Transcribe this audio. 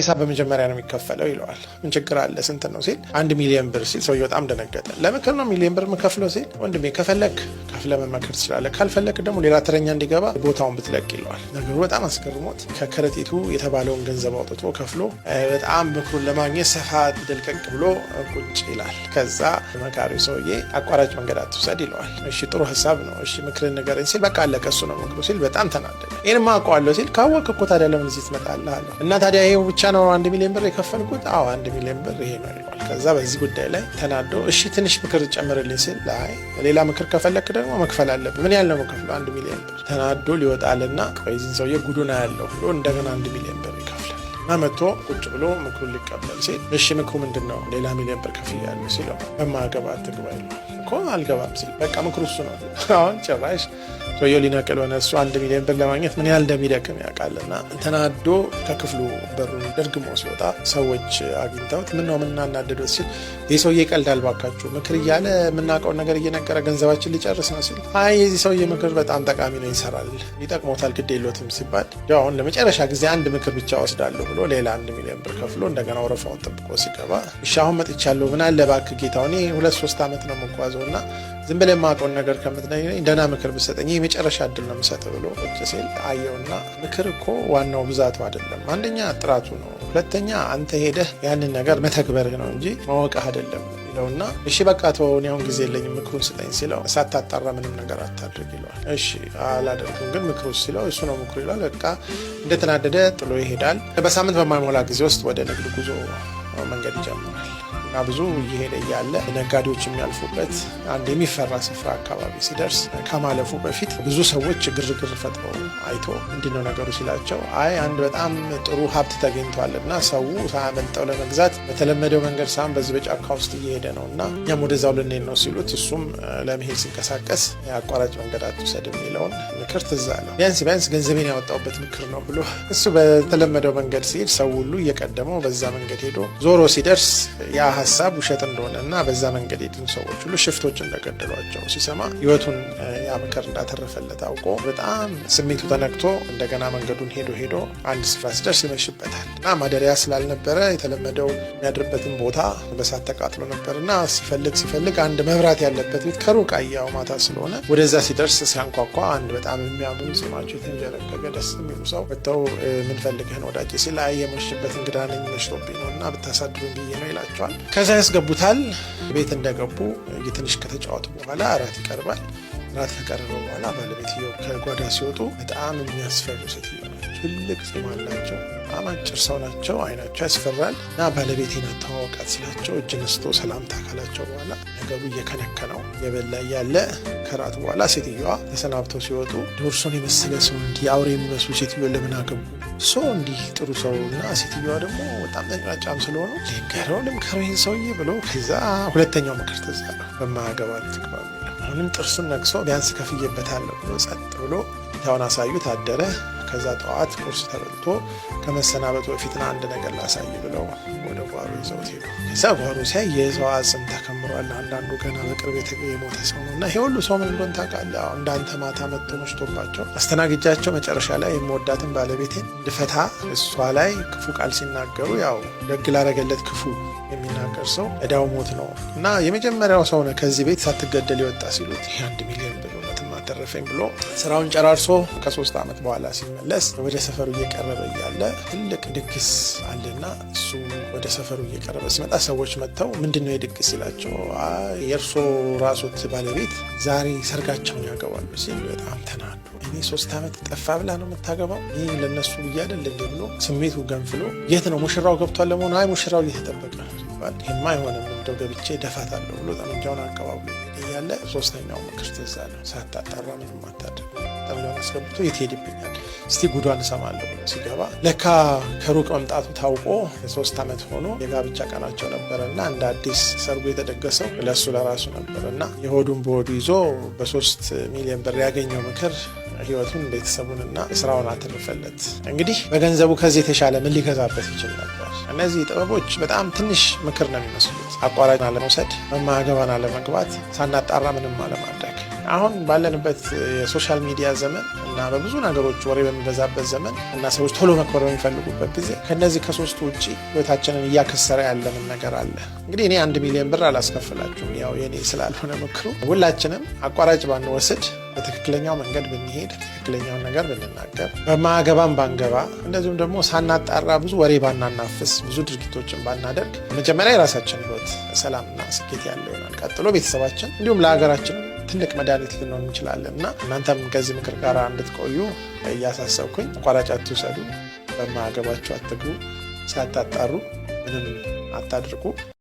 ሂሳብ በመጀመሪያ ነው የሚከፈለው ይለዋል። ምን ችግር አለ? ስንት ነው ሲል አንድ ሚሊዮን ብር ሲል ሰውዬው በጣም ደነገጠ። ለምክር ነው ሚሊዮን ብር የምከፍለው ሲል ወንድሜ ከፈለክ ከፍለ መመክር ትችላለህ፣ ካልፈለክ ደግሞ ሌላ ተረኛ እንዲገባ ቦታውን ብትለቅ ይለዋል። ነገሩ በጣም አስገርሞት ከከረጢቱ የተባለውን ገንዘብ አውጥቶ ከፍሎ በጣም ምክሩን ለማግኘት ሰፋ ድልቀቅ ብሎ ቁጭ ይላል። ከዛ መካሪው ሰውዬ አቋራጭ መንገድ አትውሰድ ይለዋል። እሺ ጥሩ ሀሳብ ነው፣ እሺ ምክርን ንገረኝ ሲል በቃ አለቀ፣ እሱ ነው ምክሩ ሲል በጣም ተናደደ። ይህን አውቀዋለሁ ሲል ካወቅ እኮ ታዲያ ለምን እዚህ ትመጣለህ? እና ታዲያ ይሄ ብቻ ብቻ ነው አንድ ሚሊዮን ብር የከፈልኩት። አዎ አንድ ሚሊዮን ብር ይሄ ነው ይል። ከዛ በዚህ ጉዳይ ላይ ተናዶ እሺ ትንሽ ምክር ጨምርልኝ ሲል ሌላ ምክር ከፈለክ ደግሞ መክፈል አለብህ። ምን ያህል ነው መከፍለው? አንድ ሚሊዮን ብር። ተናዶ ሊወጣልና ቆይዚን ሰውዬ ጉዱና ያለው ብሎ እንደገና አንድ ሚሊዮን ብር ይከፍላል። መቶ ቁጭ ብሎ ምክሩን ሊቀበል ሲል እሺ ምክሩ ምንድን ነው? ሌላ ሚሊዮን ብር ከፍያለሁ ሲለው በማገባት ትግባ ይለዋል። እኮ አልገባም ሲል በቃ ምክሩ እሱ ነው። አሁን ጭራሽ ቶዮ ሊነቅል ሆነ። እሱ አንድ ሚሊዮን ብር ለማግኘት ምን ያህል እንደሚደክም ያውቃልና ተናዶ ከክፍሉ በሩን ደርግሞ ሲወጣ ሰዎች አግኝተውት ምን ነው የምናናደደው ሲል ይህ ሰውዬ ይቀልዳል ባካችሁ፣ ምክር እያለ የምናውቀውን ነገር እየነገረ ገንዘባችን ሊጨርስ ነው ሲል አይ የዚህ ሰውዬ ምክር በጣም ጠቃሚ ነው፣ ይሰራል፣ ይጠቅሞታል፣ ግድ የለትም ሲባል አሁን ለመጨረሻ ጊዜ አንድ ምክር ብቻ ወስዳለሁ ብሎ ሌላ አንድ ሚሊዮን ብር ከፍሎ እንደገና ወረፋውን ጠብቆ ሲገባ እሺ አሁን መጥቻለሁ፣ ምን አለ እባክህ ጌታው፣ እኔ ሁለት ሶስት ዓመት ነው መጓዘው ነው እና ዝም ብለህ የማውቀውን ነገር ከምትነግረኝ ደህና ምክር ብሰጠኝ የመጨረሻ እድል ነው የምሰጥህ ብሎ ቁጭ ሲል አየውና፣ ምክር እኮ ዋናው ብዛቱ አይደለም። አንደኛ ጥራቱ ነው፣ ሁለተኛ አንተ ሄደህ ያንን ነገር መተግበርህ ነው እንጂ ማወቅህ አይደለም ይለውና እሺ በቃ ተወውን ያሁን ጊዜ የለኝም ምክሩን ስጠኝ ሲለው ሳታጣራ ምንም ነገር አታድርግ ይለዋል። እሺ አላደርግም ግን ምክሩ ሲለው እሱ ነው ምክሩ ይለዋል። በቃ እንደተናደደ ጥሎ ይሄዳል። በሳምንት በማይሞላ ጊዜ ውስጥ ወደ ንግድ ጉዞ መንገድ ይጀምራል። እና ብዙ እየሄደ እያለ ነጋዴዎች የሚያልፉበት አንድ የሚፈራ ስፍራ አካባቢ ሲደርስ ከማለፉ በፊት ብዙ ሰዎች ግርግር ፈጥረው አይቶ ምንድነው ነገሩ ሲላቸው አይ አንድ በጣም ጥሩ ሀብት ተገኝቷል እና ሰው ሳያመልጠው ለመግዛት በተለመደው መንገድ ሳይሆን በዚህ በጫካ ውስጥ እየሄደ ነው እና እኛም ወደዛው ልንሄድ ነው ሲሉት እሱም ለመሄድ ሲንቀሳቀስ አቋራጭ መንገድ አትውሰድ የሚለውን ምክር ትዝ አለው። ቢያንስ ቢያንስ ገንዘቤን ያወጣውበት ምክር ነው ብሎ እሱ በተለመደው መንገድ ሲሄድ ሰው ሁሉ እየቀደመው በዛ መንገድ ሄዶ ዞሮ ሲደርስ ያ ሀሳብ ውሸት እንደሆነ እና በዛ መንገድ የድን ሰዎች ሁሉ ሽፍቶች እንደገደሏቸው ሲሰማ ህይወቱን ያ እንዳተረፈለት አውቆ በጣም ስሜቱ ተነክቶ እንደገና መንገዱን ሄዶ ሄዶ አንድ ስፍራ ሲደርስ ይመሽበታል እና ማደሪያ ስላልነበረ የተለመደው የሚያድርበትን ቦታ በሳት ተቃጥሎ ነበር እና ሲፈልግ ሲፈልግ አንድ መብራት ያለበት ቤት ከሩቅ አያው ማታ ስለሆነ ወደዛ ሲደርስ ሲያንኳኳ አንድ በጣም የሚያምሩ ስማቸው የተንጀረገገ ደስ የሚሉ ሰው ወጥተው የምንፈልግህን ወዳጅ ሲል አይ የመሽበት እንግዳ ነኝ መሽቶብኝ ነው እና ብታሳድሩን ብዬ ነው ይላቸዋል። ከዛ ያስገቡታል። ቤት እንደገቡ ትንሽ ከተጫወቱ በኋላ እራት ይቀርባል። ራት ከቀረበ በኋላ ባለቤትየው ከጓዳ ሲወጡ በጣም የሚያስፈሩ ሴትዮ ናቸው። ትልቅ ፂም አላቸው። በጣም አጭር ሰው ናቸው። አይናቸው ያስፈራል እና ባለቤቴን አተዋወቃት ሲላቸው እጅ ነስቶ ሰላምታ ካላቸው በኋላ ነገሩ እየከነከነው የበላ እያለ ከራት በኋላ ሴትዮዋ ተሰናብተው ሲወጡ ዶርሶን የመሰለ ሰው እንዲህ አውሬ የሚመስሉ ሴትዮ ለምን አገቡ? እሱ እንዲህ ጥሩ ሰው እና ሴትዮዋ ደግሞ በጣም ተንጫጫም ስለሆኑ ልንገረው ልምከረው ይህን ሰውዬ ብሎ ከዛ ሁለተኛው ምክር ተዛለ በማያገባት ትግባ አሁንም ጥርሱን ነቅሶ ቢያንስ ከፍዬበታለሁ ብሎ ጸጥ ብሎ ያውን አሳዩት አደረ። ከዛ ጠዋት ቁርስ ተበልቶ ከመሰናበቱ በፊት አንድ ነገር ላሳይ ብለው ወደ ጓሮ ይዘውት ሄዱ። ከዛ ጓሮ ሲያይ የሰው አጽም ተከምሯል። አንዳንዱ ገና በቅርብ የሞተ ሰው ነው እና ይሄ ሁሉ ሰው ምን እንደሆነ ታውቃለህ? እንዳንተ ማታ መጥቶ መሽቶባቸው አስተናግጃቸው መጨረሻ ላይ የምወዳትን ባለቤቴን ልፈታ እሷ ላይ ክፉ ቃል ሲናገሩ ያው ደግ ላረገለት ክፉ የሚናገር ሰው እዳው ሞት ነው እና የመጀመሪያው ሰው ነህ ከዚህ ቤት ሳትገደል ይወጣ ሲሉት አንድ ሚሊዮን ብር አልተረፈም ብሎ ስራውን ጨራርሶ ከሶስት ዓመት በኋላ ሲመለስ ወደ ሰፈሩ እየቀረበ እያለ ትልቅ ድግስ አለና እሱ ወደ ሰፈሩ እየቀረበ ሲመጣ ሰዎች መጥተው ምንድን ነው የድግስ ሲላቸው የእርሶ ራሶት ባለቤት ዛሬ ሰርጋቸውን ያገባሉ ሲል በጣም ተናዱ። እኔ ሶስት ዓመት ጠፋ ብላ ነው የምታገባው ይህ ለእነሱ ብዬ አይደል ብሎ ስሜቱ ገንፍሎ የት ነው ሙሽራው ገብቷል ለመሆኑ አይ ሙሽራው እየተጠበቀ ይገባል። ይገፋል። የማይሆንም እንደው ገብቼ ደፋታለሁ ብሎ ጠመንጃውን አቀባብሎ እያለ ሶስተኛው ምክር ትዝ አለው። ሳታጣራ ምንም አታድርግ። ጠመንጃውን አስገብቶ የት ሄድብኛል እስቲ ጉዷን እሰማለሁ ብሎ ሲገባ ለካ ከሩቅ መምጣቱ ታውቆ ሶስት ዓመት ሆኖ የጋብቻ ቀናቸው ነበረ ነበረና እንደ አዲስ ሰርጉ የተደገሰው ለእሱ ለራሱ ነበር ነበርና የሆዱን በሆዱ ይዞ በሶስት ሚሊዮን ብር ያገኘው ምክር ህይወቱን ቤተሰቡንና ስራውን አትርፈለት። እንግዲህ በገንዘቡ ከዚህ የተሻለ ምን ሊገዛበት ይችል ነበር? እነዚህ ጥበቦች በጣም ትንሽ ምክር ነው የሚመስሉት። አቋራጭ አለመውሰድ፣ መማገባን አለመግባት፣ ሳናጣራ ምንም አለማድረግ። አሁን ባለንበት የሶሻል ሚዲያ ዘመን እና በብዙ ነገሮች ወሬ በሚበዛበት ዘመን እና ሰዎች ቶሎ መክበር በሚፈልጉበት ጊዜ ከነዚህ ከሶስቱ ውጭ ህይወታችንን እያከሰረ ያለምን ነገር አለ። እንግዲህ እኔ አንድ ሚሊዮን ብር አላስከፍላችሁም፣ ያው የኔ ስላልሆነ ምክሩ ሁላችንም አቋራጭ ባንወስድ በትክክለኛው መንገድ ብንሄድ ትክክለኛውን ነገር ብንናገር በማገባም ባንገባ እንደዚሁም ደግሞ ሳናጣራ ብዙ ወሬ ባናናፍስ ብዙ ድርጊቶችን ባናደርግ መጀመሪያ የራሳችን ህይወት ሰላምና ስኬት ያለው ይሆናል። ቀጥሎ ቤተሰባችን እንዲሁም ለሀገራችን ትልቅ መድኃኒት ልንሆን እንችላለን እና እናንተም ከዚህ ምክር ጋር እንድትቆዩ እያሳሰብኩኝ አቋራጭ አትውሰዱ፣ በማገባቸው አትግቡ፣ ሳታጣሩ ምንም አታድርጉ።